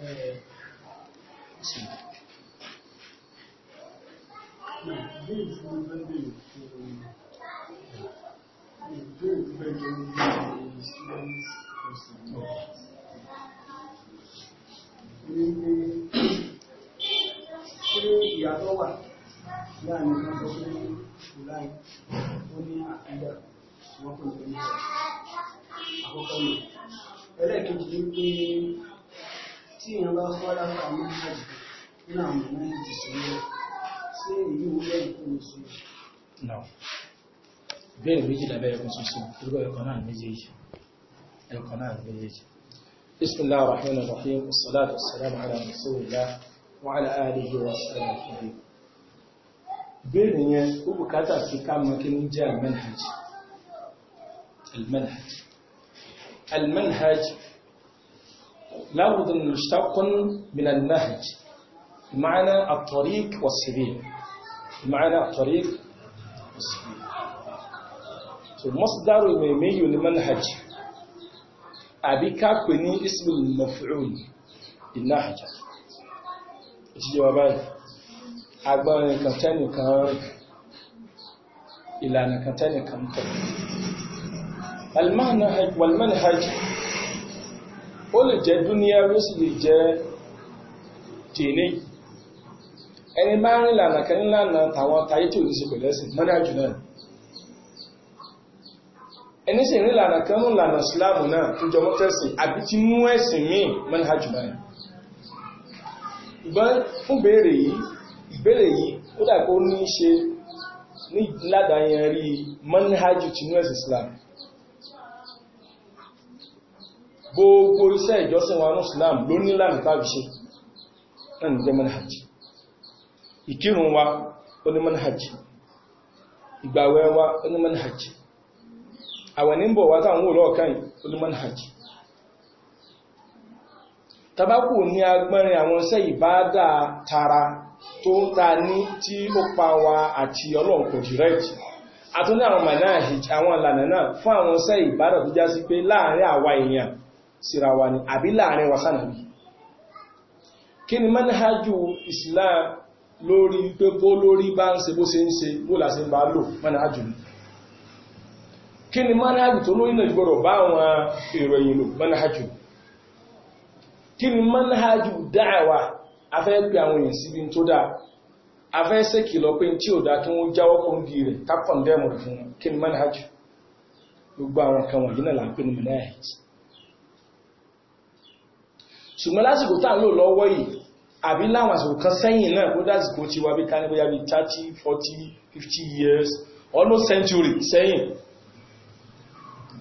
Ìyàtọ̀ ní pé tí èèyàn bá kọ́ lápá mọ́ hajj nínú àwọn ọmọ ní ti sọ yẹ sí èyí ó lẹ́yìn tó lè sọ yẹ. bẹ́ẹ̀ méjì lábẹ́ ẹ̀kọ́ ṣoṣo irú ẹ̀kọ́ náà méjèèjì ẹ̀kọ́ náà méjèèjì بسم الله الرحمن الرحيم والصلاة والسلام على رسول الله وعلى آله وصحبه أجمعين bẹ́ẹ̀ni yẹn ó bùkátà sí ká mọ̀ kí ní jẹ́ almanhaj almanhaj almanhaj لفظ مشتق من النهج معنى الطريق والسبيل معنى الطريق والسبيل المصدر الميمي للمنهج أبيكا كوني اسم المفعول النهج جوابان أكبر من tẹ́nìkan إلى أن كتاني tẹ́nìkan المنهج والمنهج ó lè jẹ́ dúníẹ́rú sì lè jẹ́ jèlé ẹni bá rìn lànà kẹrin lànà tàwọn tayé tí ò ní ṣe pẹ̀lú ẹ̀sìn jù náà ẹni sì rìn lànà kan lànà síláàmù náà tó jọ mọ́ tẹ̀sìn àbí tí mú ẹ̀sìn míì mọ́dá jù náà ìgbọ́n fún béèrè yìí ìbéèrè yìí ó ní í gbogbo iṣẹ́ ìjọsìn wa ní islam ló ní ẹni jẹ́ manhaj ìkírun wa ó ní manhaj ìgbàwẹ̀ wa ó ní àwọn níbọ̀ wa wò lọ́ọ̀kan ó ní àwọn iṣẹ́ ìbádà tara tó ń ní tí ó pa wa àti ọlọ́run àtúndà àwọn àwọn ìlànà fún àwọn tó já sí pé síra wa ni àbí láàrin wa kí ni manhajú islam lórí pé bó lórí bá ń ṣe bó ṣe ń ṣe bó lásí bá lò manhajú ni kí ni manhajú tó lórí náà gbọ́dọ̀ bá àwọn èrò ẹ̀yìn lò manhajú kí ni manhajú dáàwà afẹ́ pé àwọn èèyàn síbi tó dáa afẹ́ ṣèkìlọ̀ pé tí ò dá kí wọ́n jáwọ́ kó ń di rẹ̀ kápọ̀ ń dẹ́mọ̀ fún kí ni manhajú gbogbo àwọn kan wọ̀nyí náà là ń manhajú ṣùgbọ́n lásìkò tá à ń lò lọ́wọ́ yìí àbí láwọn àsìkò kan sẹ́yìn náà kó dásìkò ti wà bí ká ní bóyá bí 30 40 50 years almost century sẹ́yìn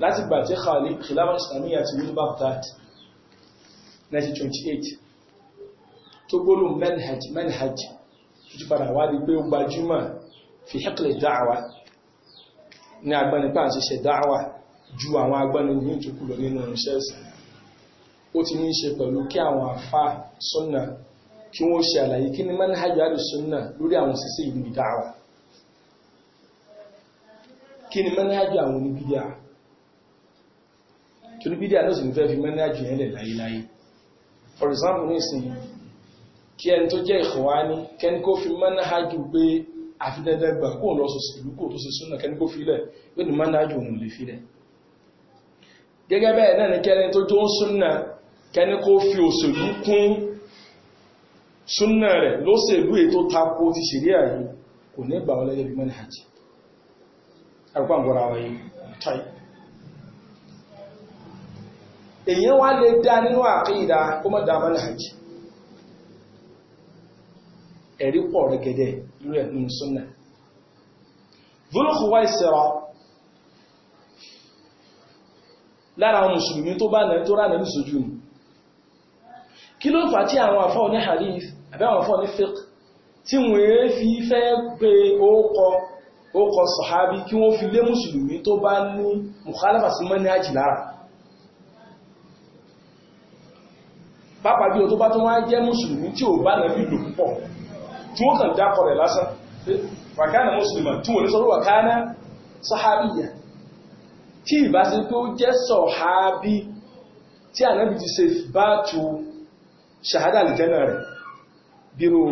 láti gbà tí khali khilafa islamiyya ti win baghdad 1928 tó gbólù manhaj manhaj tó ti padà wá di pé ó gbajúmọ̀ fi hẹ́kìlẹ̀ dáàwà ní agbẹnipá àti ṣe dáàwà ju àwọn agbẹnipá tó kù lọ nínú ìṣẹ́sìn ó ti ní í ṣe pẹ̀lú kí àwọn àfá sunna kí wọ́n ṣe àlàyé kí ni manhaj ahlu sunna lórí àwọn sísẹ́ ìlú ìdáwà kí ni manhaj àwọn oníbídíà tó ní bídíà fẹ́ fi manhaj yẹn lẹ̀ láyéláyé for example ní ìsìn kí ẹni tó jẹ́ ikhwani kẹ́ni kó fi manhaj pé àfi dandan gbà kó lọ sọ ìlú kó tó ṣe sunna kẹ́ni kó filẹ̀ yóò gẹ́gẹ́ bẹ́ẹ̀ náà ni kẹ́ni tó jó sunna kẹni kó fi òṣèlú kún súnnà rẹ̀ lóṣèlú ètò tako ti ṣeré àyí kò ní gbà ọlẹ́gẹ́ bí mẹ́rin hajji èyí wá lè dá nínú àkídà kó mọ́ dáa mẹ́rin hajji ẹ̀rí pọ̀ rẹ̀ gẹ̀dẹ̀ lórí ẹ̀kùn súnnà Dhul-Khuwaysira ìsẹ̀rọ lára àwọn mùsùlùmí tó bá nẹ̀ tó rà nẹ̀ ní sojú ni kí ló fà tí àwọn àfọ́ ní hadith àbí àwọn àfọ́ ní fiqh tí wọ́n fi fẹ́ pé ó kọ sọ̀hábí kí wọ́n fi lé mùsùlùmí tó bá ní mùkhálàfà sí mọ́ní àjì lára pápá bí o tó bá tó wá jẹ́ mùsùlùmí tí ò bá nàbí lò púpọ̀ tí wọ́n kàn dákọ̀ rẹ̀ lásán tí wọ́n ó jẹ́ sọ̀hábí tí ànábì ti ṣe bá tó ṣàhádà alìjẹ́nà rẹ̀ bírò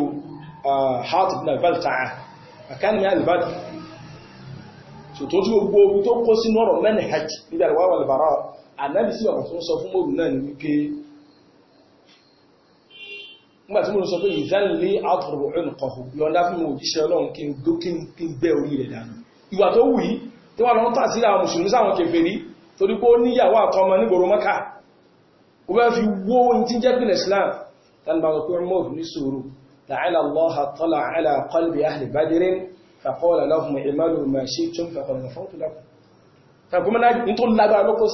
heart ibn al-balta'a àkáni al-badi so tó tí gbogbo ogun tó kó sínú ọ̀rọ̀ mẹ́rin hajj nígbà ìwáwà alìbàrá ànábì sí ọ̀rọ̀ fún sọ fún mọ́rù náà ní wípé nígbà tí mo sọ pé ìzánilé àtọ̀rọ̀ ọ̀rìn kọ̀hù yọ̀ndá fún mo òjíṣẹ́ ọlọ́run kí n gbó kí n gbẹ́ orí rẹ̀ dànù ìwà tó wù yí tó wà lọ́n tà sí àwọn mùsùlùmí sáwọn kèfèrí torí pé ó níyàwó àtọmọ nígboro mọ́kà ó bá fi wó in tí jẹ́ pínlẹ̀ islam tàbí ọkùnrin mọ́ ní sòrò la'ala allaha tala ala qalbi ahli badirin faqala lahum i'malu ma shi'tum faqad ghafartu lakum ta kuma na in to lagbara lokos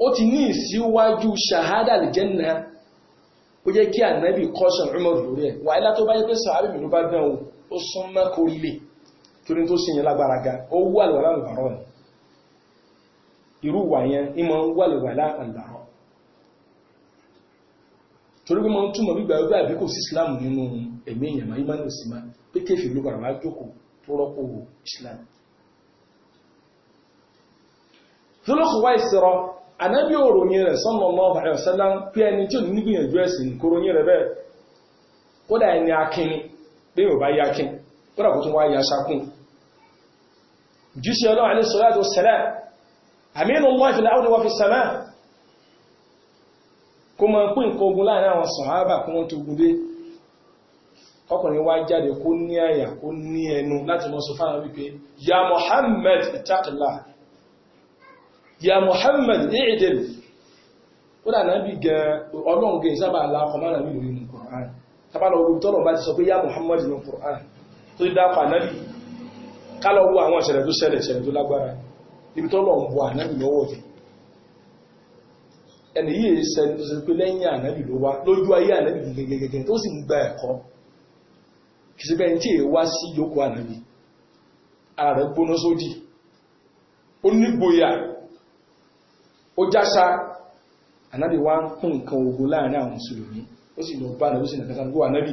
ó ti ní ìsíwájú ṣàhádà lè ó jẹ́ kí ànábì kọ́ṣàn Umar lórí ẹ̀ wà ilá tó bá yẹ́ pé sàárì mi bá dán ó sún mọ́ lè torí tó ṣe yẹn lágbára ga ó wà lè wà láàrọ̀ ní irú wà yẹn ìmọ̀ ń wà lè wà torí pé ń gbígbà ọgbà sí Islam nínú ẹ̀mí èèyàn máa ìmọ̀ ní òsì máa pé kéfì ló Islam lọ́lọ́kọ̀ wá ìsirọ́ anábí òròyìn rẹ̀ sallallahu alaihi wasallam pé ẹni tí ò ní gbìyànjú ẹ̀sìn ròyìn rẹ̀ bẹ́ẹ̀ kódà ẹni yóò bá yá kódà jíṣẹ́ ọlọ́run alẹ́ sọ́látò sẹ́lẹ̀ àmínú wọ́n fi láwọ́dẹ̀ wọ́n fi sẹ́mẹ́ kó mọ̀ pín nǹkan ogun láàrin àwọn sọ̀hábà kún wọ́n tó gúndé ọkùnrin wá jáde kó ní àyà kó ní ẹnu láti lọ sọ fáwọn wípé ya Muhammad ittaqillah ya Muhammad i'dil ó dà náà bí gan ọlọ́run gan ìsábà aláàkọ̀ mọ́nà nínú Kùránì tàbálọ̀ ogun tọ́lọ̀ bá ti sọ pé ya Muhammad nínú Kùránì tó dákọ̀ ànábì kálọ̀ wo àwọn ìṣẹ̀lẹ̀ tó ṣẹlẹ̀ ìṣẹ̀lẹ̀ tó lágbára ibi tó lọ́n bu ànábì lọ́wọ́ dé ẹni yìí tó ṣe pé lẹ́yìn ànábì ló wá lójú ayé ànábì gẹ́gẹ́gẹ́gẹ́ tó sì ń gba ẹ̀kọ́ kì sí bẹ́ẹ̀ tí wá sí yòókù ànábì ara rẹ̀ gbóná sódì ó nígboyà ó jáṣá ànábì wá ń kún nǹkan ogun láàrin àwọn mùsùlùmí ó sì lọ bá ànábì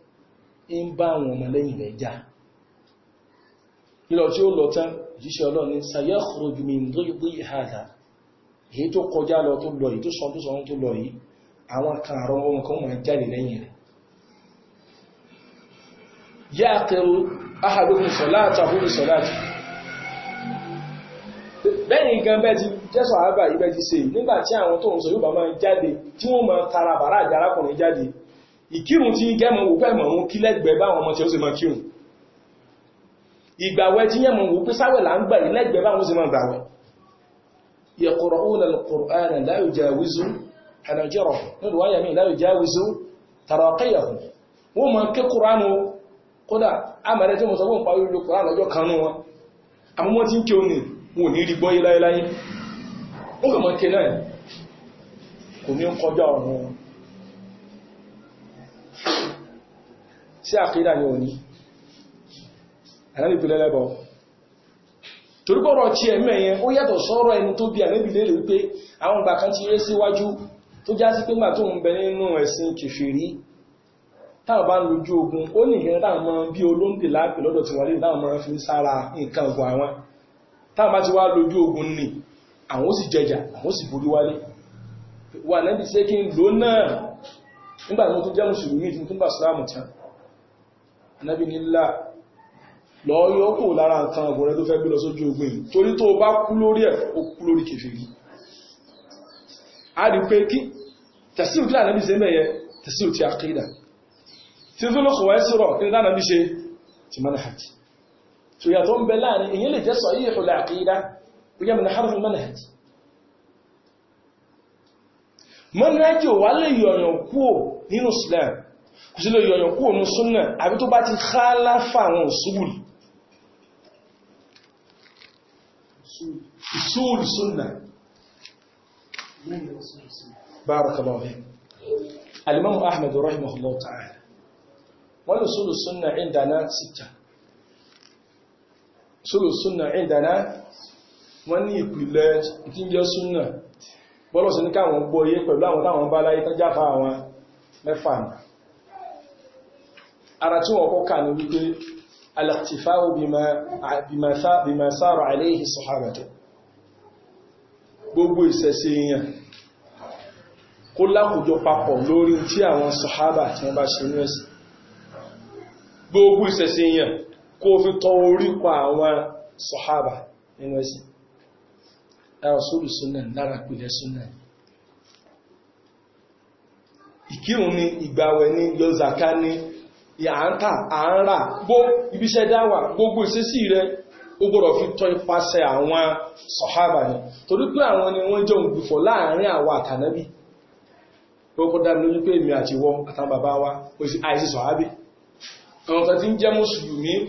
ń bá àwọn ọmọlẹ́yìn rẹ̀ jà lílọ tí ó lọ tán òjíṣẹ́ ọlọ́ni sayakhruju min dhi'i hadha èyí tó kọjá lọ tó lọ yìí tó sọ tó sọ tó lọ yìí àwọn kan àrọ ohun kan máa jáde lẹ́yìn rẹ̀ yaqiru ahadukum salatahu bi salati lẹ́yìn gan bẹ́ẹ̀ ti jẹ́sọ̀ àbá ibẹ̀ ti ṣe nígbà àwọn tó ń sọ yóò bá máa jáde tí wọ́n máa tara bàrá àjárákùnrin jáde ìkírun tí gẹ́mọ̀ wò pẹ́mọ̀ ń kí lẹ́gbẹ̀ẹ́ báwọn ọmọ tí ó sì mọ̀ kírun ìgbàwẹ̀ tí yẹ́mọ̀ wò pé sáwẹ̀ là ń gbà yìí lẹ́gbẹ̀ẹ́ báwọn ó sì mọ̀ gbàwẹ̀ yaqra'una al-Qur'ana la yujawizu hanajirahum nínú wáyà mi la yujawizu taraqiyahum wọ́n mọ̀ kí kùránù kódà àmàrẹ tí mo sọ mọ̀ kí kò ní kọjá ọ̀run sí àkídà ní òní ànábìpínlẹ̀ lẹ́bọ̀ torípọ̀rọ̀ tí ẹ̀ mẹ́yẹn ó yàtọ̀ sọ́rọ̀ ẹni tó bí ànábì lérè pé àwọn ìgbà kan ti ré síwájú tó já sí pé mà tó ń bẹ nínú ẹ̀sìn kèfèrí táwọn bá ń lójú ogun ó ní ìkẹrẹ táwọn mọ bí olóńgbè wọ́n lè ni àwọn ó sì jẹjà àwọn ó sì borí wálé wà náà bí ṣé kí n lò náà nígbà jẹ́ mùsùlùmí tí mo tún bà sílámù anábì nílá lọ yọ kò lára nǹkan àgbò rẹ tó fẹ́ gbé lọ sójú ogun yìí torí tó bá kú lórí ẹ̀ ó kú lórí kèfèrí a rí pé kí tẹ̀síù tí ànábì ṣe mẹ́yẹ tẹ̀síù ti àkídà tí tó ló kọ̀wẹ́ sọ̀rọ̀ kí ní ànábì ṣe ti manahaj tó yàtọ̀ ń bẹ láàrin èyí lè jẹ́ sọ yí ìfòlẹ̀ àkídà ó yẹ manahaj manahaj kò sí lè yọ̀yọ̀ kú òun súnnà àbí tó bá ti khalafa àwọn usul usul súnnà barakallahu fiik alimamu ahmad rahimahullahu ta'ala wal usul súnnà indana sitta usul súnnà indana wọ́n ní ìpìlẹ̀ tí ń jẹ́ súnnà bọ́lọ̀sí ní káwọn gbọ́ yé pẹ̀lú àwọn táwọn bá láyé tán jáfà àwọn mẹ́fà náà ara tí wọ́n kọ́kà ní wípé al-iqtifa'u bima sara alayhi sahabatu gbogbo ìṣẹ̀ṣe èèyàn kó lákùjọ papọ̀ lórí tí àwọn sahaba tí wọ́n bá ṣe ní ẹ̀sìn gbogbo ìṣẹ̀ṣe èèyàn kó fi tọ orí pa àwọn sahaba nínú ẹ̀sìn lára sórí àǹtà àǹrà gbó ibiṣẹ́ dáwà gbogbo ìṣesí rẹ̀ ó gbọ́dọ̀ fi tọ́ ipasẹ̀ àwọn sọ̀hábà ni torí pé àwọn ni wọ́n jẹ́ olùgbùfọ̀ láàrin àwọn àtànábì ó kọ́ dá pé èmi àti wọ́n àtàwọn wa ti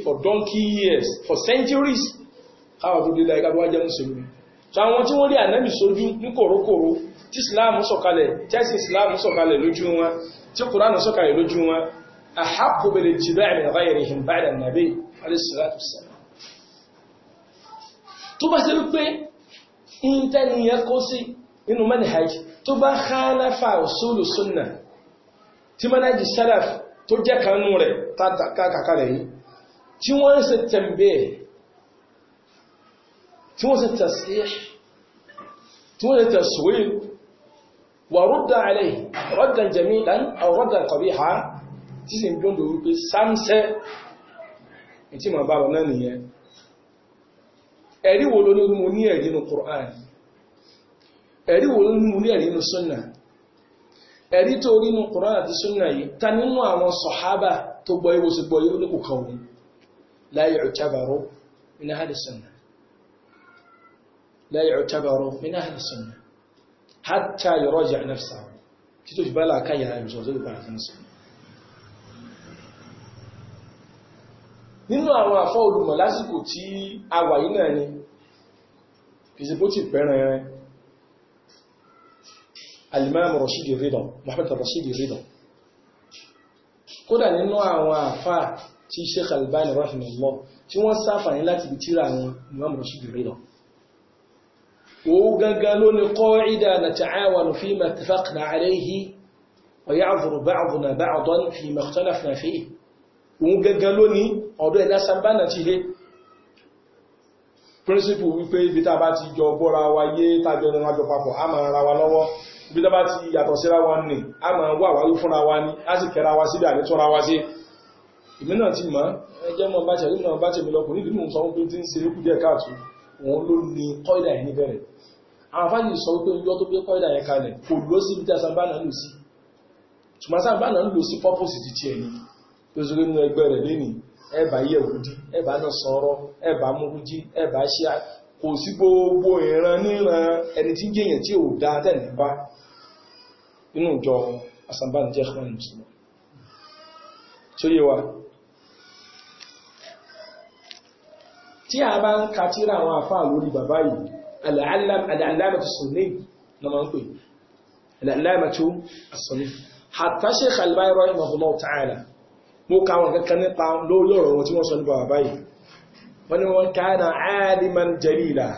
for donkey years for centuries káwọn tó dé láyé káwọn so àwọn tí wọ́n rí kùránù sọ̀kalẹ̀ lójú wọn أحق بالاتباع من غيرهم بعد النبي عليه الصلاة والسلام tó bá ṣe wípé ìntẹ́niyàn kó sí inú manhaj tó bá khalafa usulu súnnà tí manhaj salaf tó jẹ́ kanú rẹ̀ kàkàkà rẹ̀ tí wọ́n ṣe tẹ̀m̀bẹ̀ tí wọ́n ṣe tasih tí wọ́n ṣe taswil wa rudda alayhi raddan jamilan aw raddan qabiha tí sì ń dúndò wípé sáńsẹ́ tí ma bá lọ náà nìyẹn ẹ̀rí wo ló ní mo ní ẹ̀rí nínú Qur'an ẹ̀rí wo ló ní mo ní ẹ̀rí nínú súnnà ẹ̀rí tó rí nínú Qur'an àti súnnà yìí ta nínú àwọn sọ̀hábà tó gbọ́ ìwò sí gbọ́ ìwò ní kò kàwọn láyé ọ̀tábàrọ̀ min ahli súnnà láyé ọ̀tábàrọ̀ min ahli súnnà hatta yọrọ̀ jẹ́ nafsa títò ìbálà káyà ìrìnṣọ́ tó ìbára fún súnnà nínú àwọn àfọ́ olùmọ̀ lásìkò tí a wà yí náà ni kìsìkò ti pẹ̀rẹ̀ rẹ̀ alimam rashidi ridan mohamed rashidi ridan kódà nínú àwọn àfá tí sheikh albani rahimahullah tí wọ́n sáfàní láti bí tíra àwọn imam rashidi ridan ó gangan ló ní qa'ida nata'awanu fima ittafaqna alayhi wa ya'dhuru ba'duna ba'dan fima ikhtalafna fihi òun gangan ló ní ọ̀dọ̀ ẹ̀dá sambana ti lé príncipù wípé ibi tá bá ti jọ bọ́ra wa yé tàjọ ní wájọ papọ̀ a máa ra wa lọ́wọ́ ibi tá bá ti yàtọ̀ síra wa nì a máa wà wá ló fúnra wa ní a sì kẹra wa síbẹ̀ àní tọ́ra wa sí ìmí náà ti mọ̀ ẹjẹ́ mọ̀ bá tẹ̀lé náà bá tẹ̀lé lọkùnrin ìdí mò ń sọ wípé tí ń lò sí ṣùgbọ́n asambana ti tiẹ̀ ni tó ṣe nínú ẹgbẹ́ rẹ̀ lénìí ẹ̀bà yẹ̀wùdí ẹ̀bà náà sọ̀rọ̀ ẹ̀bà múrújí ẹ̀bà ṣíà kò sí gbogbo ìran níran ẹni tí jẹ́yàn tí ò dá tẹ̀lé bá inú ìjọ asambanijẹ́ fún ìmùsùlùmí tó yé wa tí a bá ń ka tíra àwọn àfáà lórí bàbá mo ka àwọn kankan nípa lórí ọ̀rọ̀ wọn tí wọ́n sọ nípa bàbá yìí wọ́n ni wọ́n kana aliman jalila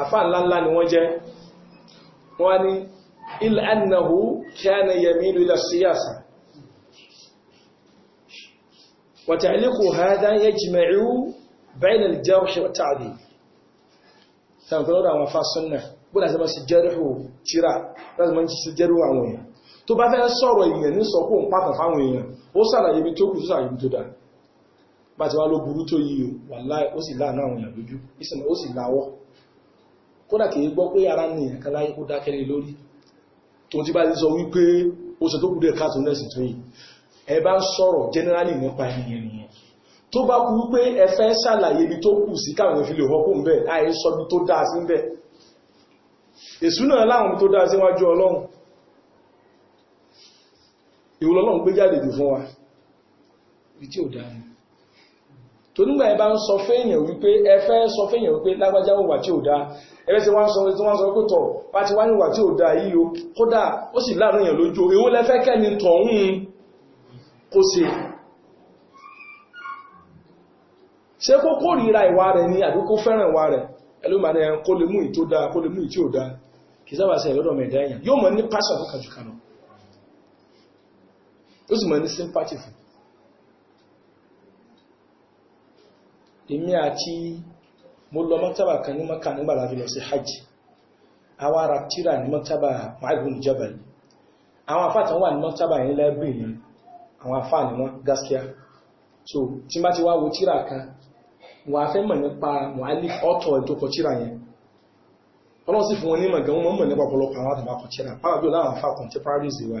àfà ńláńlá ni wọ́n jẹ́ wọ́n ni il annahu kana yamilu ila siyasa wa ta'liqu hadha yajma'u tó bá fẹ́ sọ̀rọ̀ èèyàn ní sọ kó ń pàtàn fáwọn èèyàn ó sàlàyé ibi tó kù tó sàlàyé ibi tó dáa bá ti wá ló burú tó yíò wàláhì ó sì láàánú àwọn èèyàn lójú ìsìnà ó sì láwọ́ kódà kìí gbọ́ pé ara ní ẹ̀kan láyé kó dákẹ́lẹ̀ lórí tó tó kù generally nípa ènìyàn nìyẹn tó bá kú wípé ẹ fẹ́ sàlàyé ibi tó kù sí káwọn fi lè họkùn bẹ́ẹ̀ àìsọ ibi tó dáa sí síwájú ọlọ́run ìwọ̀n Ọlọ́run gbé jáde jù fún wa ibi tí ò dáa tó nígbà ẹ bá ń sọ fẹ́yàn wípé ẹ fẹ́ sọ fẹ́yàn wípé lágbájá wà tí ò dáa ẹgbẹ́ sí wọ́n sọ tí wọ́n sọ pé tọ̀ bá ti wá ní wà tí ò dáa yíyo kódà ó sì láàrin èèyàn lójú èwo lẹ́fẹ́ kẹ́ni tọ̀hún kó ni àbí kó fẹ́ràn tó sì mọ̀ ní sympathy fún èmi àti mo lọ mọ́tàbà kan ní mọ́kà nígbà láti lọ sí hajj àwọn ará tíra ní mọ́tàbà ma'igun jabal àwọn afá tán wà ní mọ́tàbà yìí lẹ́bìn ní àwọn afá ní wọ́n gaskiya so tí má ti wá wo tíra kan wọ́n a fẹ́ mọ̀ nípa mọ̀álí ọ̀tọ̀ ìtòkọ̀ tíra yẹn ọlọ́sí fún wọn ní mọ̀gán wọn mọ̀ nípa ọ̀pọ̀lọpọ̀ àwọn àtàbà kọ̀ tíra pàápàá bí afá contemporaries wà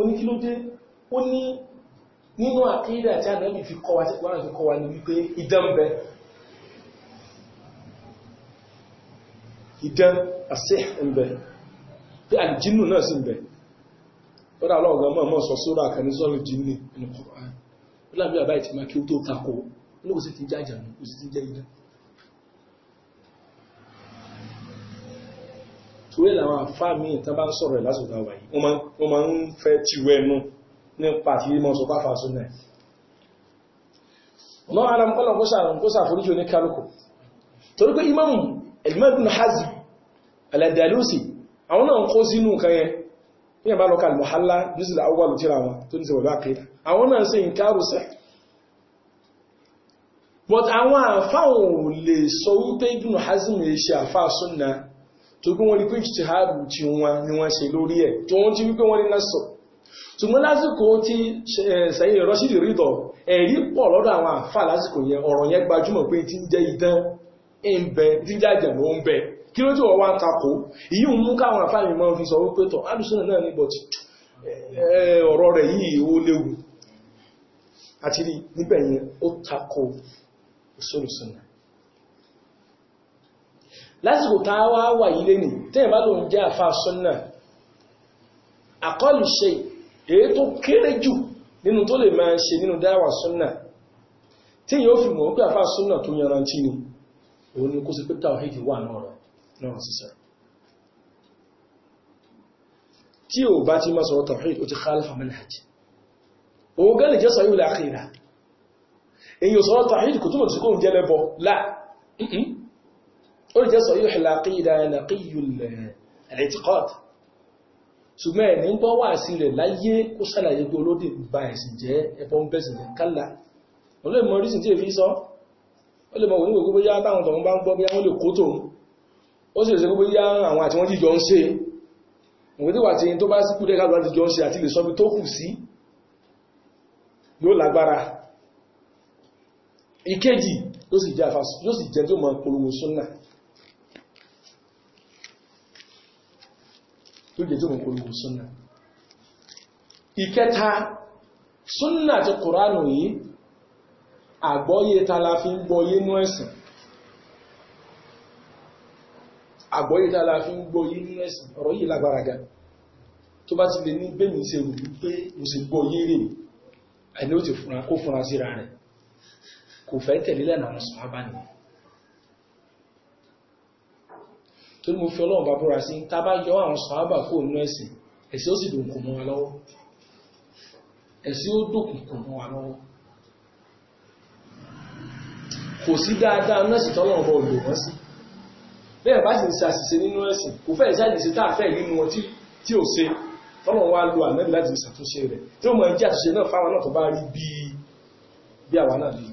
mo ní onye ló a ó ní nínú àkídà tí ànábì fi kọ́ wa tí kòrán fi kọ́ ní wípé idán bẹ idán àṣẹ ń pé àjínú náà sì ń bẹ ọlọ́ọ̀gá mọ́ mọ́ sọ sọ́rọ̀ jínú tako ti torí làwọn àfáà míì tán bá ń sọ̀rọ̀ ẹ̀ lásìkò àwọn yìí wọ́n máa ń fẹ́ tiwẹ́ ẹnu nípa àti mọ́ sọ fáfà sún ọmọ alam kọ́lọ̀ kó ní kálùkù torí pé imamu elmadu hazi aladalusi àwọn náà kó sínú kan yẹn ní ẹ̀bá lọ́kà almuhalla jùsùlá awọ́lù tíra wọn tó ní sẹ̀wọ̀lá àkídà àwọn náà sí ìkárù sẹ́ but àwọn àfáwọn lè sọ wípé tó gbé wọn rí pé ìṣẹ́hàbù tí wọn ni wọ́n ṣe lórí ẹ̀ tó wọ́n ti wípé wọ́n ní násọ̀ ṣùgbọ́n lásìkò tí sẹ́yìn rọ́ṣìdì rídọ̀ ẹ̀rí pọ̀ lọ́dọ̀ àwọn àfà lásìkò yẹn ọ̀rọ̀ yẹn gbajúmọ̀ pé tí ń jẹ́ idán ń bẹ tí ń jẹ́ àjẹ̀mọ́ ń bẹ kí ló tí wọ́n wá ń takò èyí ń mú káwọn àfà mi máa fi sọ wípé tọ̀ alùsùn náà ní bọ̀tì ọ̀rọ̀ rẹ̀ yìí ó léwu àti níbẹ̀ yẹn ó takò òṣòlùsùn náà lásìkò táwà wà ilé nì tẹ́yìn bá ló ń jẹ́ àfà sọ́nà àkọlù ṣe èyí tó kéré jù nínú tó lè máa ṣe nínú dáwà sọ́nà tí yóò fi mọ̀ pé àfà sọ́nà tó yanrantí ni òun ni kó sí pé tawhid wà náà sísẹ̀ tí ò bá ti máa sọ̀rọ̀ tawhid ó ti khalafa manhaj òun gẹ́lẹ̀ jẹ́ sọ̀rọ̀ ìlà àkìlà èyí ò sọ̀rọ̀ tawhid kò túnmọ̀ sí kó ó jẹ́ sọ yóò hìlàkí ìdáyàlàkí yùlẹ̀ ẹ̀tìkọ́t ṣùgbọ́n ẹ̀ ní ń bọ́ wà sí rẹ̀ láyé kó sàlàyé gbé olóde bá ẹ̀sìn jẹ́ ẹ̀fọ́ ń bẹ̀sìn jẹ́ kálà wọ́n lè mọ orísìn tí èfi sọ ó lè mọ òun ìwé gbogbo yá táwọn tọ̀hún bá ń gbọ́ bí wọ́n lè kó tòun ó sì lè ṣe gbogbo yá àwọn yóò sì jẹ́ tó mọ polówó súnnà tó lè jọmọ̀ polówó súnnà ìkẹta súnnà ti kùránù yìí àgbọ́yé tala fi ń gbọ́yé nú ẹ̀sìn àgbọ́yé tala fi ń gbọ́yé nú ẹ̀sìn ọ̀rọ̀ yìí lágbára gan tó bá ti lè ní bẹ́ẹ̀ ní ṣe rò wípé mo sì gbọ́yé rèé ẹni ó ti kó torí mo fi ọlọ́run bá búra sí tá a bá yọ àwọn sàábà kó nínú ẹ̀sìn ẹ̀sìn ó sì dùn kò mọ́ wa lọ́wọ́ ẹ̀sìn ó dùn kò mọ́ wa lọ́wọ́ kò sí dáadáa nínú ẹ̀sìn tọ́lọ́run bọ̀ lò wọ́n sí bẹ́ẹ̀ bá sì ń ṣe àṣìṣe nínú ẹ̀sìn kò fẹ́ ìṣe àṣìṣe tá a fẹ́ nínú wọn tí ò ṣe tọ́lọ́run wá lo àmẹ́bí láti ṣàtúnṣe rẹ̀ tí ó mọ̀ ẹ̀jẹ̀ àṣìṣe náà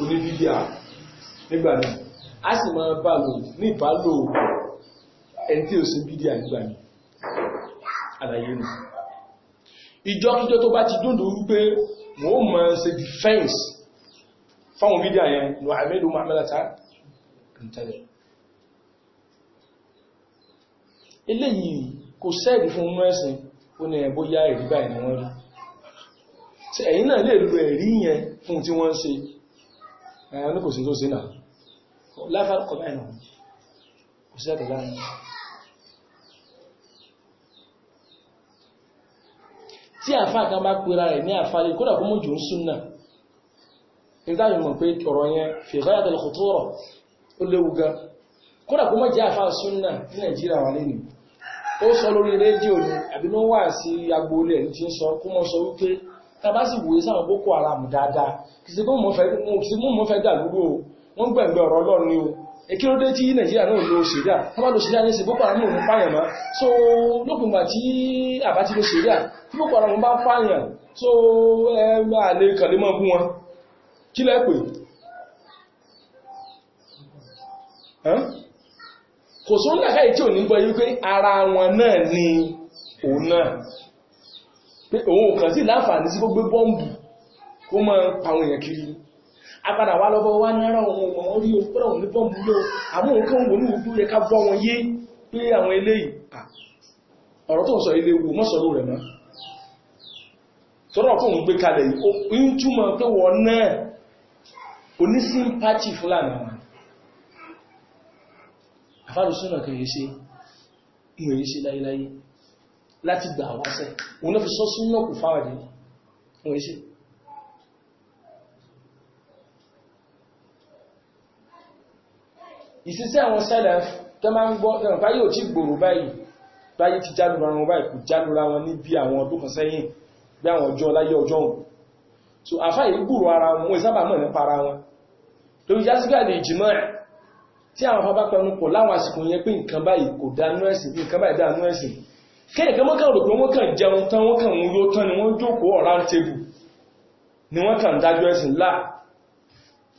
oníbídíà nígbà náà a sì máa bá lò ní ìbálò ẹni tí ò sí bídíà nígbà ní àlàyé nù ìjọ kíjọ tó bá ti dúndù wípé wọ́n mọ̀ ṣe defense fáwọn bídíà yẹn lọ àmẹ́lò mọ́mẹ́lẹ́ta ìtẹ́lẹ̀ eléyìí kò sẹ́ẹ̀dì fún ọmọ ẹ̀sìn ó ní ẹ̀bó yá ẹ̀rí báyìí ni wọ́n rí ẹ̀yìn náà lè lo ẹ̀rí yẹn fún tí wọ́n ń ṣe ẹ̀yàn ní kò sí tó sí náà láfàá kọ̀ mẹ́rin kò sí ẹ̀kọ̀ láàrin tí àfáà kan bá pera rẹ̀ ní àfáàlẹ̀ kódà kó mójú ń súnnà ìdáyì mọ̀ pé ọ̀rọ̀ yẹn fi ghayatil khutura ó léwu gan kódà kó mọ́ jẹ́ àfáà súnnà ní Nàìjíríà wà lẹ́nu ó sọ lórí rédíò ni àbí ló wà sí tàbá sì wòye sáwọn boko haram dáadáa kì sí mú fẹ́ dà lúrú o wọ́n gbẹ̀gbẹ̀ ọ̀rọ̀ lọ́rùn ni o èkíròdé tí nàìjíríà náà ló ṣèdá tàbá ló ṣèdá ní sí boko haram òun pààyàn so lókùngbà tí àbá ti ló ṣèdá tí boko haram bá pààyàn so ẹgbẹ́ àlè kàlémọ́ bú wọn kí lẹ́ pè kò sóńdàká ìtí ò ní gbọ́ yí pé ara wọn náà ni òun náà pé òun kàn sí láǹfààní sí gbogbo bọ́ǹbù kó mọ́ àwọn èèyàn kiri agbára wá lọ́bọ́ wá ní ara òun ọmọ orí òpúrọ̀ òun ní bọ́ǹbù yóò àmú òun kàn wọ́n wọ́n yẹ ká bọ́ wọn yé pé àwọn eléyìí ọ̀rọ̀ tó sọ ilé wò mọ́sọ̀rọ̀ rẹ̀ náà tọ́rọ̀ fún òun gbé kalẹ̀ yìí ń túmọ̀ pé wọ́n náà onísímpátì fúlànà wọn àfáàrùsúnà kẹrìí ṣe ìwòye ṣe láyéláyé láti gbà wáṣẹ́ òun náà fi sọ sí náà kò fáwà dé wọ́n yí sí ìsísẹ́ àwọn sẹ́lẹ̀f tó máa ń gbọ́ ẹ̀rọ̀pá yóò tí gbòrò báyìí báyé ti jálùra wọn báyìí kò jálùra wọn ní bí àwọn ọdún kan sẹ́yìn bí àwọn ọjọ́ láyé ọjọ́ òun so àfá yìí gbòrò ara wọn wọ́n sábà mọ̀ nípa ara wọn lórí jásígbà lè jìmọ́ ẹ̀ tí àwọn afábápẹnupọ̀ láwọn àsìkò yẹn pé nǹkan báyìí kò dánú ẹ̀sìn bí nǹkan báyìí dánú ẹ̀sìn kẹ́ẹ̀kẹ́ mọ́ kàn rò pé wọ́n kàn jẹun tán wọ́n kàn ń tán ni wọ́n jókòó ọ̀rán tébù ni wọ́n kàn dájọ́ ẹ̀sìn láà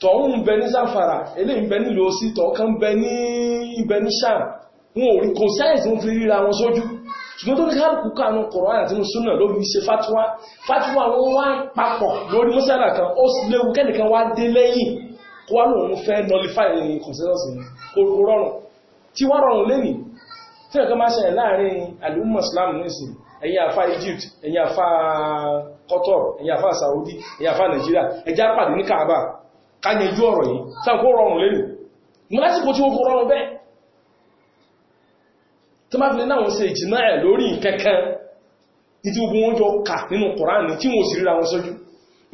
tọ̀hún ń bẹ ní Zamfara ilé ń bẹ nílò sí tọ̀ọ̀kan ń bẹ ní ibẹ̀ ní Sham wọn ò rí consensus wọn fi ríra fatuwa fatuwa wọn wá papọ̀ lórí mọ́sálà kan ó léwu kẹ́nìkan wá dé lẹ́yìn kó wá lóun fẹ́ nullify consensus tí wá rọrùn lẹ́nìí tí ọ̀kan máa ṣẹlẹ̀ láàrin alùmọ̀ islam nísìn ẹ̀yin àfá Egypt ẹ̀yin àfá Qatar ẹ̀yin àfá Saudi ẹ̀yin àfá Nigeria ẹjá pàdé ní Kaaba káyẹjú ọ̀rọ̀ yìí sáàkó rọrùn lẹ́nu lásìkò tí ó kó rọrùn bẹ́ẹ̀ tó má fi lè náà ṣe ìjìnà ẹ̀ lórí kẹkẹn títí ogun wọn jọ kà nínú Kùránì tí wọn sì ríra wọn sójú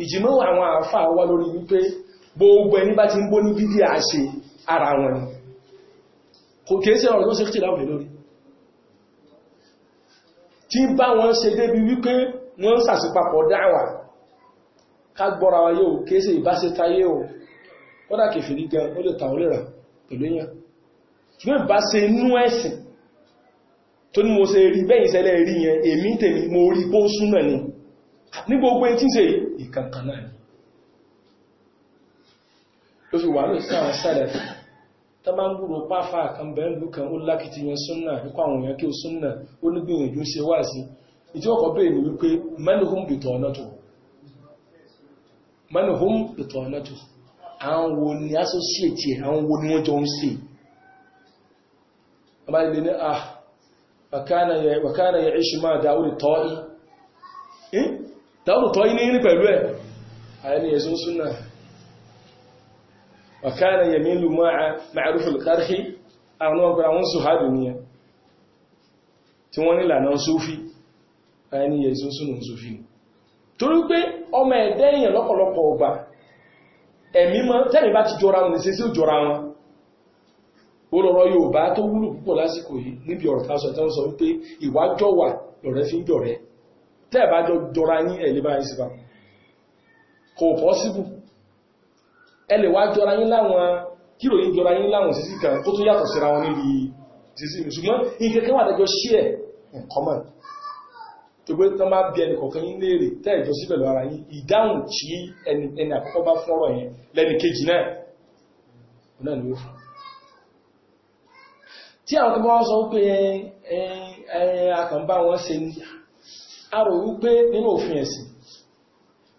ìjìnà àwọn àfá wá lórí wípé gbogbo ẹni bá kò kèé ọ̀rọ̀ tó ṣe kìtìláwò lórí tí bá wọn ṣe débi wípé wọ́n ń sàṣípapọ̀ dáwà ká gbọ́ra wa yóò kéèsè ìbáṣetáyé o kódà kèfèrí gan ó lè ta ó lè rà pẹ̀lú yàn ṣùgbọ́n ìbáṣe inú ẹ̀sìn tó ní mo ṣe rí bẹ́yìn sẹ́lẹ̀ rí yẹn èmi tèmi mo rí pó súnmọ̀ ni ní gbogbo tí ṣe ìkankan náà ló fi wà lóòsí àwọn sálẹ̀fì tó bá ń gbúrò páfà kan bẹ̀rẹ̀ lù kan ó lákìtì yẹn súnnà nípa àwọn èèyàn kí o súnnà ó ní gbìyànjú ṣe wá sí ìtí ó kọ̀ ni wípé manhum bitanatu àwọn wo ni associate ah, ya ni وكان يميل مع معروف القرح àwọn ọgbà wọn sùhádù ní ẹ tí wọ́n nílànà sófí ẹni yẹ tó súnmù sófí torí pé ọmọ ẹ̀dẹ́ èèyàn lọ́pọ̀lọpọ̀ ọgbà ẹ̀mí mọ́ tẹ́lẹ̀ bá ti jọra wọn nìsẹ́ sí jọra wọn ó lọ́rọ̀ Yorùbá tó wúlò púpọ̀ lásìkò yìí níbi ọ̀rọ̀ tásọ tẹ́ sọ wípé ìwájọ́wà lọ̀rẹ́ fi ń jọ̀rẹ́ tẹ́ẹ̀ bá jọra yín ẹ̀lẹ́bá ẹ̀sìbá kò pọ́síbù ẹ lè wá jọra yín láwọn kíro yín jọra yín láwọn sísí kan tó tún yàtọ̀ síra wọn níbi sísí mi ṣùgbọ́n ìkẹ́kẹ́ wà tẹ́jọ ṣí ẹ̀ common tó gbé tán bá bí ẹnì kọ̀ọ̀kan yín léèrè tẹ́ẹ̀jọ sí pẹ̀lú ara yín ìdáhùn tí ẹni àkọ́kọ́ bá fún yẹn lẹ́ni kejì náà ni ó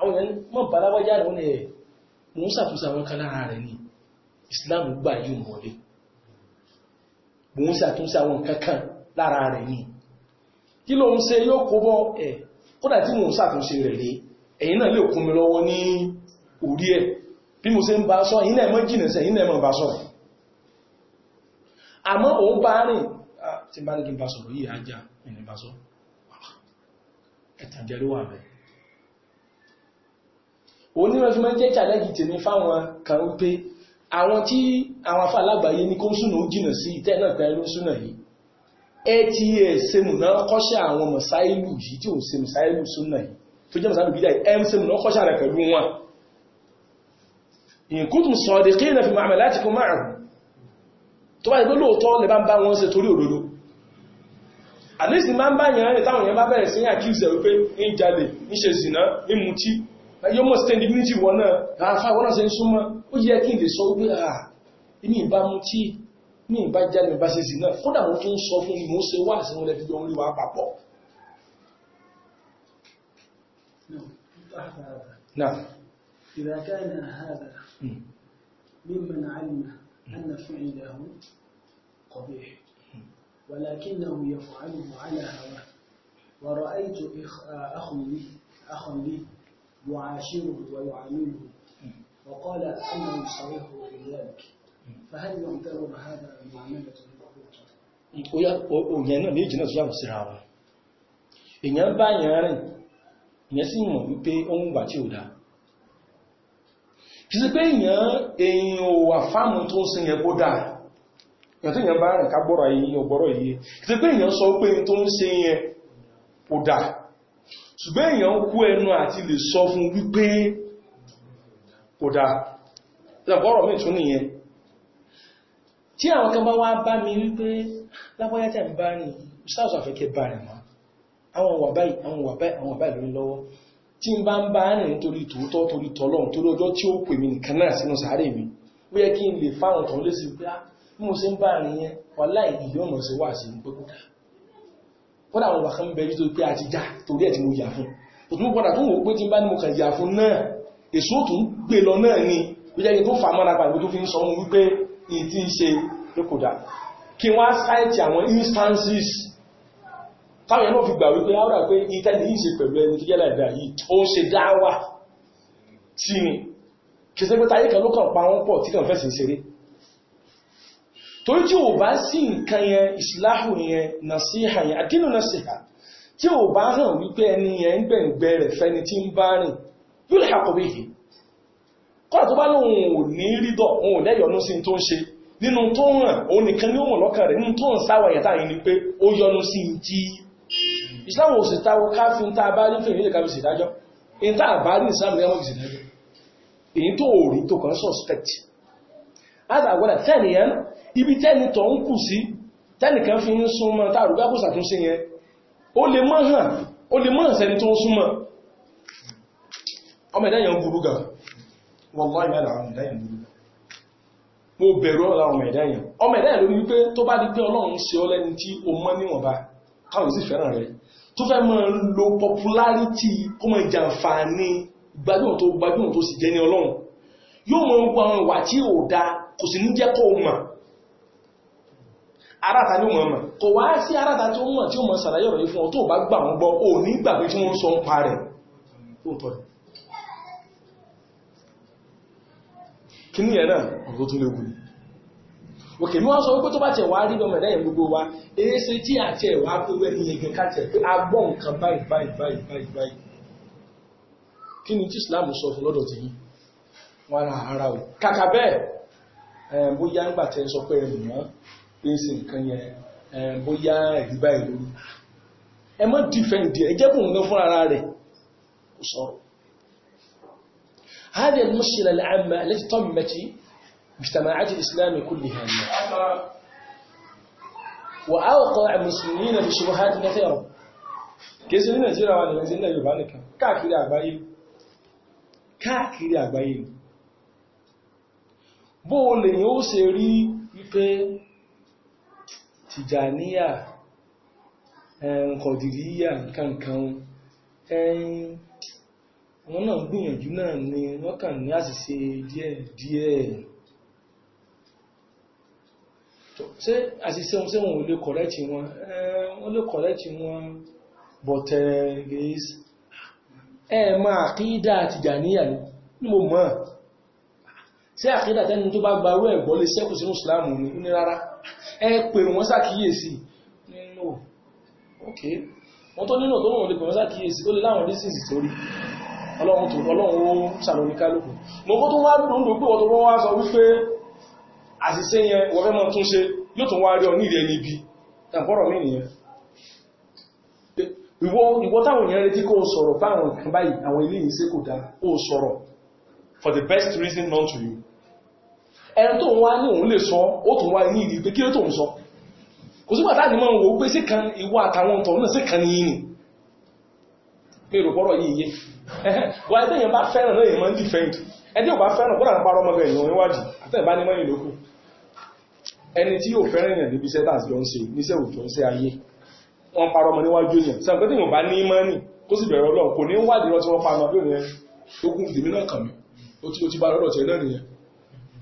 àwọn èèyàn mọ́ baláwájá rẹ̀ wọ́n ẹ̀ mọ́ ń sàtúnṣe kan lára rẹ̀ ni Islam gbà yóò mọ́lé mọ́ ń sàtúnṣe àwọn kankan lára rẹ̀ ni kí ló ń ṣe yóò kó bọ́ ẹ̀ kódà tí mọ́ ń sàtúnṣe rẹ̀ rí ẹ̀yin náà lè kún mi lọ́wọ́ ní orí ẹ̀ bí mo ṣe ń bá sọ ẹ̀tàjẹ́ ló wà bẹ́ẹ̀ oníranjú máa ń jẹ́ challenge tèmi fáwọn kan wípé àwọn tí àwọn afá alágbàáyé ní kó ń súnà ó jìnà sí ìtẹ́ náà pẹ̀lú súnà yìí ats sèmùná kọ́ṣẹ́ àwọn mọ̀sáìlù yìí tí ò ṣe mọ̀sáìlù súnà yìí tó jẹ́ mọ̀sáìlù bídá m sèmùná kọ́ṣẹ́ rẹ̀ pẹ̀lú wọn in kuntum sadiqina fi mu'amalatikum ma'ahum tó bá ìgbélò tọ́ lè bá ń bá wọn ṣe torí òdodo at yóò mọ̀ stand dignity wọn náà àfá wọn náà ṣe ń súnmọ́ ó yẹ kí n lè sọ wípé à ah, èmi ìbá mú tí ní ìbá jáde ìbá ṣe sí náà fúnà wọn tó ń sọ fún ìmú ṣe wà sí wọn lẹ́fi jọ orí wa papọ̀ إذا كان هذا ممن علم أن فعله قبيح ولكنه لي يعاشره ويعامله وقال أنه صريحه في ذلك فهل يعتبر هذا معاملة òyìn náà méjì náà tó yàwó síra wọn èyàn bá yàn rìn èyàn sì mọ̀ wípé ohun wà tí ó dá kìí sí pé èyàn èyàn ò wà fáàmù tó ń sin yẹn kó dáa èyàn tó yàn bá rìn ká gbọ́rọ̀ ayé ọgbọ́rọ̀ yìí kìí sí pé èyàn sọ pé tó ń sin yẹn kó dáa ṣùgbọ́n èèyàn kú ẹnu àti lè sọ fún wípé kódà lọ́pọ̀rọ̀ mi tún nìyẹn tí àwọn kan bá wá bá mi wípé lápọ́yá tí a bá ní ìsáàsù àfẹ́kẹ́ bá rẹ̀ mọ́ àwọn wà báyìí àwọn wà báyìí àwọn wà báyìí lórí lọ́wọ́ tí n bá ń kódà àwọn ìbàkan bẹ̀rẹ̀ tó pé àti já torí ẹ̀ tí mo yà fún òtún gbọ́dà tó wò pé tí bá ní mo kàn yà fún náà èso tó ń gbé lọ náà ni ó jẹ́ tó fà mọ́ra pàdé tó fi ń sọ mú wípé ì tí ń ṣe ló kí wọ́n sáìtì àwọn instances táwọn náà fi gbà wípé áwọ́dà pé ìtẹ́lẹ̀ yìí ṣe pẹ̀lú ẹni tó jẹ́ ni kìí sẹ́gbẹ́ta ayé kan ló kàn pa wọ́n pọ̀ tí kàn fẹ́sìn torí tí ò bá sí nǹkan yẹn ìsìláhù yẹn nàṣíhà yẹn àdínú nàṣíhà tí ò bá hàn wípé ẹni yẹn ń gbẹ̀ǹgbẹ̀ rẹ̀ fẹ́ni tí ń bá rìn yóò lè hàkọ̀ méjì kọ́nà tó bá lóun ò ní rídọ̀ òun ò lẹ́yọnú sí tó ń ṣe nínú tó ń hàn òun nìkan ní òun ni pé ó yọnu sí ń jí ìsìláhù هذا أولا ثانيا ibi tẹ́ni tọ̀ ń kù sí tẹ́nìkan fi ń súnmọ́ táàrù gbábùsà tún sí yẹn ó lè mọ́ hàn ó lè mọ́ hàn sẹ́ni tó ń súnmọ́ ọmọ ẹ̀dá yẹn burú gan wallahi àwọn mo bẹ̀rù ọmọ ẹ̀dá yẹn ọmọ ẹ̀dá yẹn lórí wípé tó bá di pé ọlọ́run ṣe ọ lẹ́ni tí o mọ́ níwọ̀nba káwọn sì fẹ́ràn rẹ tó fẹ́ mọ́ lo popularity kó mọ́ ìjàǹfààní gbajúmọ̀ jẹ́ ní ọlọ́run yóò mọ gbogbo àwọn ìwà tí ò dáa kò sí ní jẹ́ kó mọ̀ aráta ní mọ̀ kò wá sí tí ó mọ̀ tí ó fún ọ bá gbà wọ́n gbọ́ ò ní tí wọ́n sọ ń kí ni sọ gbogbo tí a gbọ́ nǹkan báyìí báyìí báyìí báyìí báyìí Islam sọ fún lọ́dọ̀ wọ́n ara o kàkà bẹ́ẹ̀ bóyá ń gbàtẹ́ sọ pé ẹ̀rù mọ́ pé ṣe nǹkan yẹn bóyá ẹ̀rí báyìí lórí ẹ mọ́ dìfẹ̀ǹdì ẹ jẹ́ kóun lọ fún ara rẹ̀ kò sọ̀rọ̀ هذه المشكلة العامة التي طمت مجتمعات الإسلام كلها وأوقع المسلمين بشبهات كثيرة كيسي ní Nàìjíríà wà ní Nàìjíríà Yorùbá nìkan káàkiri àgbáyé káàkiri àgbáyé bó o lè yóò ṣe rí wípé tìjàníyà eh, kọ̀dìríyà nǹkankan eh, àwọn náà gbìyànjú náà ni wọ́n kàn ní àṣìṣe díẹ̀ díẹ̀ ṣé àṣìṣe ohun tí eh, wọ́n lè kọ̀rẹ́tì wọn lè kọ̀rẹ́tì wọn bọ̀tẹ̀rẹ̀ ẹ máa kí dáa tìjàníyà ni mo mọ̀ sí àkídà tẹ́ni tó bá gbarú ẹ̀gbọ́ lè sẹ́kù sínú ìsìláàmù ní ní rárá ẹ pè wọ́n sàkíyèsí nínú ok wọ́n tó nínú tó lóòrùn lè pè wọ́n sàkíyèsí ó lè láwọn dísìsì torí ọlọ́run tó ọlọ́run sàlórí kálùkù mọ́kó tó wá lóòrùn pé wọ́n tó wọ́n wá sọ wípé àṣìṣe yẹn wọ́n fẹ́ mọ́ tún ṣe yóò tún wá rí ọ ní ìrẹ́ níbi tàbọ̀rọ̀ mí nìyẹn ìwọ táwọn èèyàn retí kó sọ̀rọ̀ báwọn nǹkan báyìí àwọn ilé ìṣe kò dáa ó sọ̀rọ̀ for the best reason known to you ẹn tó wá ní òun lè sọ ó tó wá ní ìdí pé kí ló tó ń sọ kò sí pàtàkì mọ́ wo pé síkan ìwọ àtàwọn tọ̀ náà síkan ní yìí pé ìròpọ̀rọ̀ yìí yé wà ní èyàn bá fẹ́ràn náà èyàn máa ń defend ẹni ò bá fẹ́ràn kódà parọ́ mọ́ èyàn níwájú àtẹ́bá ní mọ́yìn lókù ẹni tí yóò fẹ́ràn èyàn níbi iṣẹ́ tàbí jọ ń ṣe níṣẹ́ òjò ń ṣe ayé wọ́n parọ́ mọ́ níwájú èyàn sọ pé tí mo bá ní mọ́nì kó sì bẹ̀rẹ̀ ọlọ́run kò ní wádìí lọ tí wọ́n pa ọmọ bí ó ti ó ti bá lọ́rọ̀ tẹ̀ náà nìyẹn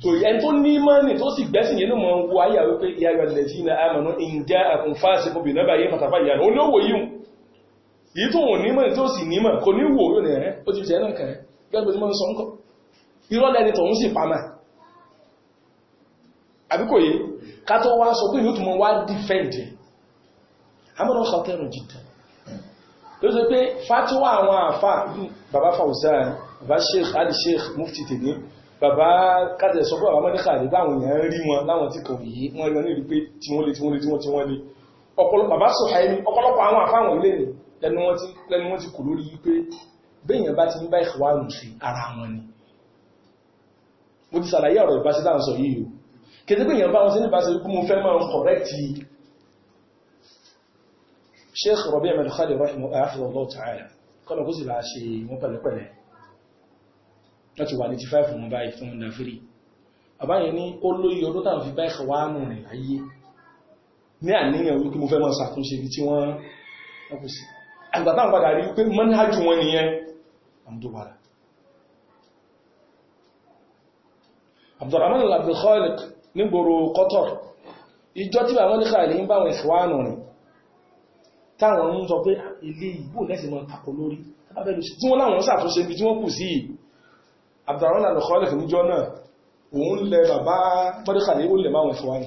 tó yẹn tó ní mọ́nì tó sì gbẹ́sìn yẹn ló mọ̀ ń wo ayé àwọn pé ìyá rẹ̀ lẹ́sí iná àmọ́nú ìjà àkùnfàṣe fún bìnrin báyé fàtàfà ìyá ó ní ó wò yíhun èyí tó wọ̀n nímọ̀ tó sì nímọ̀ kò ní wò ó nìyẹn ó ti tẹ̀ náà kàn ẹ́ gẹ́gẹ́ bí wọ́n sọ ń kọ́ irọ́ lẹ́ni tọ̀hún sì pamà àbí kò yé ká tó wá sọ pé ìlú tó ló sọ pé fátíwá àwọn àfà bàbá fàwùsáà bàbá sheikh ali sheikh mufti tèmi bàbá kájẹ sọ fún àwọn mẹ́ríkà ní báwọn èèyàn rí wọn láwọn tí kò yìí wọ́n rí wọn ní ìrí pé tí wọ́n lè tí wọ́n lè tí wọ́n tí wọ́n lè ọ̀pọ̀lọpọ̀ bàbá Suhaimi ọ̀pọ̀lọpọ̀ àwọn àfáwọn ilé ni lẹ́nu wọn ti kò lórí wípé béèyàn bá ti ń bá ìwárùn sí ara wọn ni mo ti sàlàyé ọ̀rọ̀ ìbáṣẹ́ láà ń sọ yìí o kèdè béèyàn bá wọn sí níbáṣẹ́ kú mo fẹ́ máa ń kọ̀rẹ́kì Sheikh Rabi' Ahmed Khali rahimahu Allah ta'ala kọ́nà sì bá ṣe wọ́n pẹ̀lẹ́pẹ̀lẹ́ láti wà ní ti fáìfù wọn báyìí fún ọ̀nà fírí àbáyẹ ní ó lóyí ọdún tàbí fi bá ìkọwà nù rìn láyé ní àníyàn wípé mo fẹ́ mọ́ sàtúnṣe bí tí wọ́n ọkù sí àgbàtà ń padà rí pé mọ́nájú wọn nìyẹn àmdóbára Abdurrahman Qatar ìjọ tí bàwọn ní kààlì ń báwọn ìkọwà nù rìn táwọn ń sọ pé ilé ìgbò lẹ́sìn mọ́ tako lórí tí wọ́n láwọn sàtúnṣe bí tí wọ́n kù sí yìí abdulrahman al-khalif níjọ́ náà òun lẹ bàbá mọ́díkà ní ó lè máa wọn fọwọ́n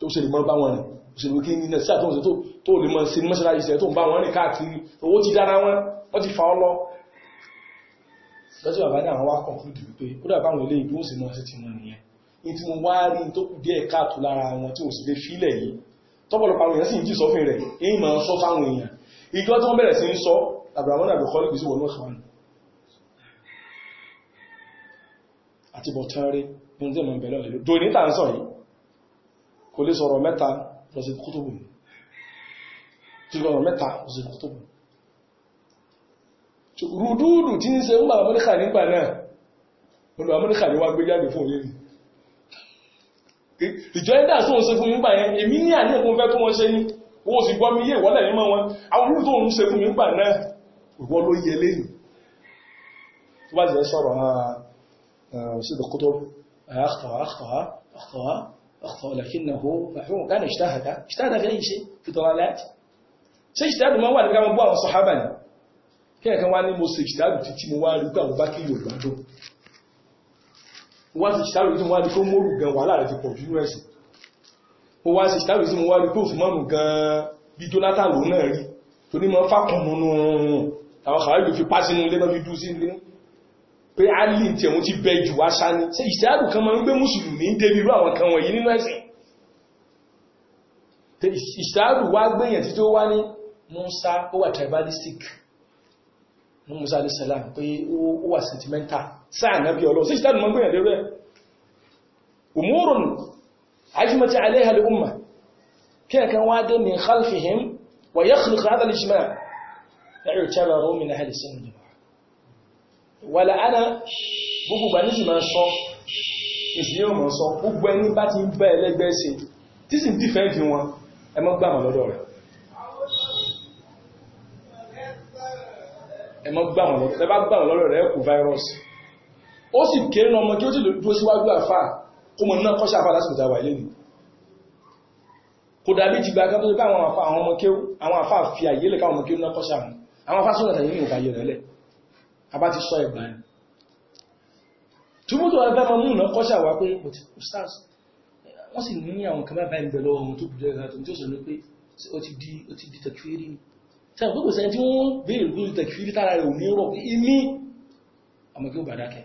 tó ṣe lè mọ́ bá wọn rìn òṣèlú kí ní ẹ̀sí àtúnṣe tó lè mọ́ sí ní mọ́ṣálá ìṣẹ́ tó ń bá wọn rìn káàkiri owó ti dára wọn wọ́n ti fa ọlọ lọ́jọ́ bàbá ní àwọn wá kọ̀ǹkúrúdì wípé ó dàbá àwọn ilé ìdúró sí mọ́ṣẹ́ ti wọn nìyẹn ní tí mo wá rí tó kù díẹ̀ káàtó lára ń jí sọ́fin ń sọ fáwọn èèyàn ìjọ sí ń ọ̀sán àti bọ̀tánrí ní ọjọ́ ìmọ̀ ìbẹ̀lẹ̀ ìlú dò níta ń sọ yìí kò lè sọ̀rọ̀ mẹ́ta lọ́sí kútùbù jùlọ mẹ́ta lọ́sí kútùbù rúdúrù tí ń ṣe ń gbà amẹ́ríkà nígbà náà olù amẹ́ríkà ni wá gbé jáde fún orí ìjọ ẹ̀dà sí òun ṣe fún nígbà yẹn èmi ní àní òun fẹ́ tó wọ́n ṣe ní owó sì gbọ́ mi yé ìwọ́lẹ̀ ní mọ́ wọn àwọn وسيد القطب أخطأ أخطأ أخطأ أخطأ لكنه محروم كان اجتهد اجتهد في أي شيء في ضلالات ṣe ìṣẹ́dù máa wà ní káwọn bú àwọn sọ̀hábà ní kẹ́ẹ̀kan wá ní mo ṣe ìṣẹ́dù tí tí mo wá rí gbà bá kí yóò gbádùn wá sí ìṣẹ́dù tí mo wá rí kó mórù gan wà láàrẹ ti pọ̀ jù rẹ̀sì mo wá sí ìṣẹ́dù tí mo wá rí kó fún mọ́nù gan bí Jonathan lò náà rí tó ní mọ́ fákùnnù àwọn kàwárí fi pá sínú ilé náà fi dú sí ilé náà pé alì tí ẹ̀wọ́n ti bẹ jù wáṣá ní ṣe ìṣẹ́àdù kan máa ń gbé mùsùlùmí ń débi irú àwọn kan wọ̀nyí nínú ẹ̀sìn ìṣẹ́àdù wá gbẹ̀yàn tí tó wá ní Musa ó wà tribalistic ní Musa alayhi salam pé ó wà sentimental sáà nábi ọlọ́ sí ìṣẹ́àdù máa ń gbẹ̀yàn lérẹ́ umurun ajmati alayha al-umma kí ẹ̀kan wá dé min khalfihim wa yakhluq hadha wàlẹ̀ àná gbogbo gbà nísì máa sọ èsì yóò mọ̀ sọ gbogbo ẹni bá ti ń bẹ́ ẹlẹ́gbẹ́ ṣe tí sì ń dìfẹ́ fi wọn ẹ mọ́ gbà wọn lọ́dọ̀ rẹ̀ ẹ mọ́ gbà wọn lọ́dọ̀ rẹ̀ bá gbà wọn lọ́dọ̀ rẹ̀ kù fáírọ́ọ̀sì ó sì kéré lọ ọmọ kí ó sì dúró síwájú àfà kó mọ náà kọ́ṣà àfà lásìkò tàwà ilé ni kò dàbí ti gbà kápẹ́ àwọn àfà àwọn ọmọ kéwú àwọn náà kọ́ṣà àwọn àfà sọ̀rọ̀ tàyè ní òkà àbá ti sọ ẹ̀gbà ni túnmùtò ẹgbẹ́ ma múnà kọ́ṣà wá pé mo ti stars wọ́n sì ní àwọn kan báyìí bẹ̀rẹ̀ lọ́wọ́ ohun tó bùjọ ẹ̀rọ tó ń tó sọ ní pé ó ti di ó ti di tẹ̀kúrí ni tí àwọn gbogbo sẹ́ni tí wọ́n béèrè gbogbo tẹ̀kúrí tára rẹ̀ ò ní rọ̀ ní àmọ́ kí ó bàdá kẹ́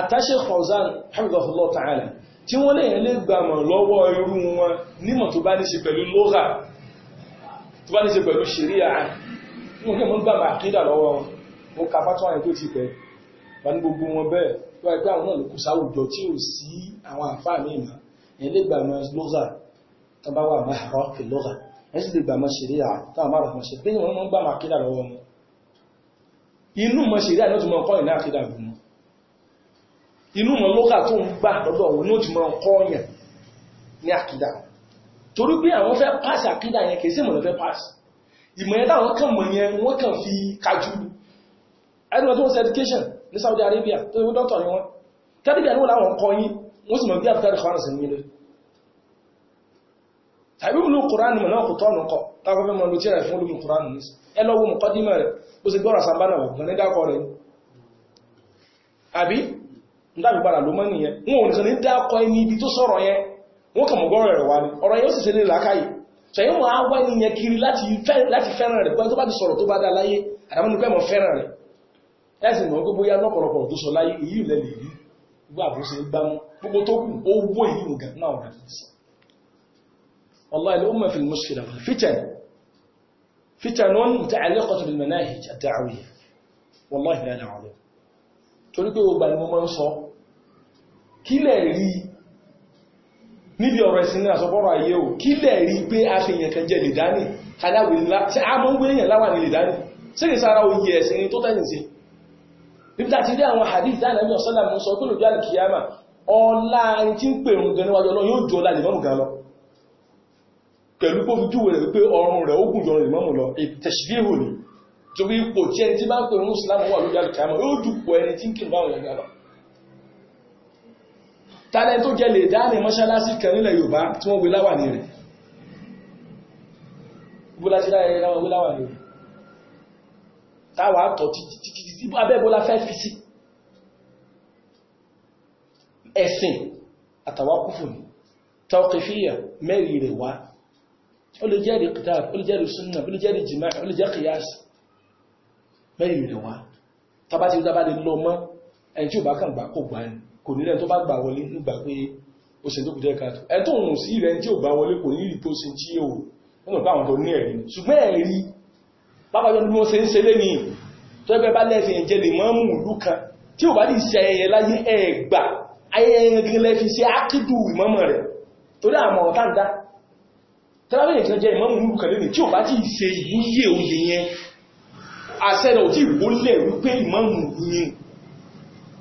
àtàṣe Fauzan hamdulillah ta'ala tí wọ́n lèyàn lè gbàmọ̀ lọ́wọ́ irú wọn nímọ̀ tó bá ní ṣe pẹ̀lú lọ́gà tó bá ní ṣe pẹ̀lú ṣeríà wọn kẹ́ mọ́ gbàmọ̀ àkídà lọ́wọ́ wọn ó ka fátọ́ àyẹ̀ tó ti pẹ̀ wà ní gbogbo wọn bẹ́ẹ̀ tó wáyé pé àwọn náà ló kù sáwùjọ mọ́ gbàmọ̀ àkídà lọ́wọ́ wọn inú mọ̀ lókà tó ń gbà lọ́dọ̀ òun ní ó ti mọ̀ ọkọ́ ọ̀yàn ní àkídà torí pé àwọn fẹ́ pass àkídà yẹn kìí sí lọ́fẹ́ pass ìmọ̀ yẹn kàn mọ̀ yẹn wọ́n kàn fi kájú education ní Saudi Arabia tó yẹ dọ́tọ̀ ni wọ́n kẹ́dìbẹ̀ ní wọ́n láwọn kọ́ yín wọ́n sì mọ̀ bí àfikà ìkọ́ àrùn nílé tàbí olú kùránì mọ̀ náà kò tọ́nù kọ táwọn fẹ́ mọ̀ ló tíra ìfún olú kùránì ní ẹ lọ́wọ́ àbí ńdàgbàrà ló mọ́ nìyẹn wọn ò nìkan ní dákọ ẹni ibi tó sọ̀rọ̀ yẹn wọ́n kàn mọ̀gọ́rọ̀ rẹ̀ wá ní ọ̀rọ̀ yẹn ó sì ṣe lè làákàyè sọ̀yẹ́ wọn á wá nìyẹn kiri láti fẹ́ràn rẹ̀ tó bá ti sọ̀rọ̀ tó bá dá láyé àdámọ́nipẹ́ mọ̀ fẹ́ràn rẹ̀ ẹ̀sìn mọ̀ gbogbo yá lọ́pọ̀lọpọ̀ tó sọ láyé èyí ilẹ̀ lè rí gbogbo àbúrúsí gbámú gbogbo tó kù ó wó kílẹ̀ rí níbi ọ̀rọ̀ ẹ̀sìn ní àsọpọ̀rọ̀ ayé o kílẹ̀ rí pé a fi èèyàn kan jẹ́ lè dání aláwò tí a mọ́ ń gbé èèyàn ni tó tẹ́yìn sí níbi láti rí àwọn hadith dáná ní ọ̀sán láàmú sọ pé lòdì alìkìyàmà ọlá tí ń pè ń gan níwájú ọlọ́ yóò jọ láti mọ́mù gan lọ pẹ̀lú kó fi júwèé rẹ̀ pé ọrùn rẹ̀ ó gùn jọ rẹ̀ mọ́mù lọ ìtẹ̀ṣìfíhù ni torí ipò tí ẹni tí bá ń pè ń Islam wà lójú yóò dùpọ̀ ẹni tí ń kìrì báwọn yẹn tálẹ́ tó jẹ lè dáàrin mọ́ṣálásí kan nílẹ̀ Yorùbá tí wọ́n gbé láwàní rẹ̀ bóla ti láyẹ̀ láwọn gbé láwàní rẹ̀ táwà tọ̀ títí abẹ́ bóla fẹ́ fi sí ẹ̀sìn àtàwákúfù tawqifiyya mẹ́rin rẹ̀ wá ó lè jẹ́rìí kitab ó lè sunna ó lè jẹ́rìí jima' ó lè jẹ́ qiyas mẹ́rin rẹ̀ wá tàbátí ó dábàdé lọ mọ́ ẹni tí ò bá kàn gbà kò gbà ẹni kò nílẹ̀ tó bá gbà wọlé nígbà pé ó ṣe tó kù jẹ́ káàtó ẹ tó ń sí rẹ tí ò gbà wọlé kò ní ìrì tó ṣe tí ò nínú pé àwọn tó ní ẹ̀rí ṣùgbọ́n ẹ̀rí pápájọ́ bí wọ́n ṣe ń ṣe lé ní tó ẹgbẹ́ bá lẹ́sìn ẹ̀jẹ̀ lè mọ́ mú ìlú kan tí ò bá dì ṣe ẹyẹ láyé ẹgbà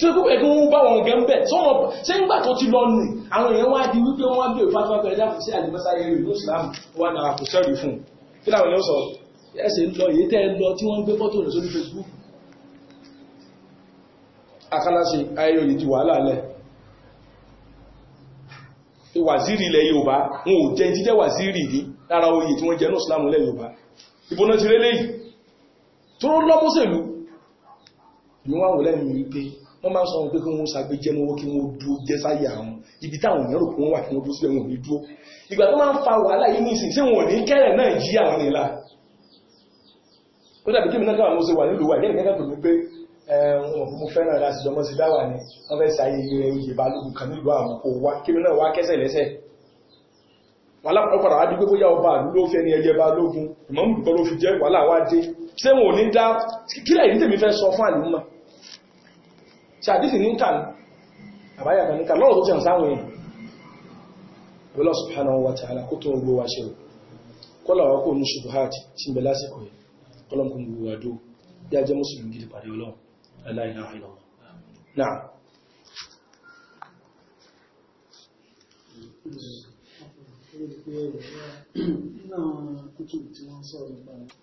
tí ó pẹ̀lú ń bá wọn gẹ́ ń bẹ̀ sọ́wọ́n ṣe ń gbà tó ti lọ nù àwọn èèyàn wá di wípé wọ́n bí òfáfá pẹ̀lú ẹ̀dá fún sí àdìmọ́sáyé rẹ̀ ló sàmù wà náà kò sẹ́rì fún kí láwọn èèyàn sọ ẹsẹ̀ ń lọ èyí tẹ́ lọ tí wọ́n ń gbé fọ́tò rẹ̀ sórí Facebook akálàṣe ayé òyìn di wàhálà lẹ̀ wàzírì ilẹ̀ Yorùbá wọn ò jẹ jíjẹ́ wàzírì ní lára oyè tí wọ́n jẹ́ náà sùlámù ilẹ̀ Yorùbá ìbónà ti rélé yìí tó lọ́mọ́sẹ̀lú ni wọ́n wọ́n lẹ́nu wípé wọ́n máa ń sọ wọn pé kí wọ́n sàgbé jẹ́ mọ́wọ́ kí wọ́n dúó jẹ́ sáyé àwọn ibi táwọn èèyàn rò kí wọ́n wà kí wọ́n dúó sí ẹ̀wọ̀n ní dúó ìgbà tó máa ń fa wàhálà yìí ní ìsìn sí wọn ní kẹ́rẹ̀ náà jí àwọn nílá ó dàbí kí mi náà káwọn mo ṣe wà nílùú wà ni wọ́n fẹ́ sáyé ilé oyè balógun kan nílùú àwọn kò wá kí mi náà wá kẹ́sẹ̀ lẹ́sẹ̀ wàhálà pàdà wá dípé bóyá ọba àlú ló fẹ́ ní ẹyẹ balógun ìmọ̀ mú ìgbọ́ ṣàdífì ní kàn àbáyàkà ní kàn lọ́wọ́ tó jẹ́ sáwọn èèyàn bọ́lá subhanahu wa ta'ala kó tó ń gbówá ṣe rò kọ́lọ̀wọ́ kó ní ṣubuhat tí ń bẹ lásìkò yìí kọ́lọ̀kùn gbówá dó yá jẹ́ mùsùlùmí gidi pàdé ọlọ́run la ilaha illallah na'am Nínú àwọn kútù tí wọ́n sọ̀rọ̀ nípa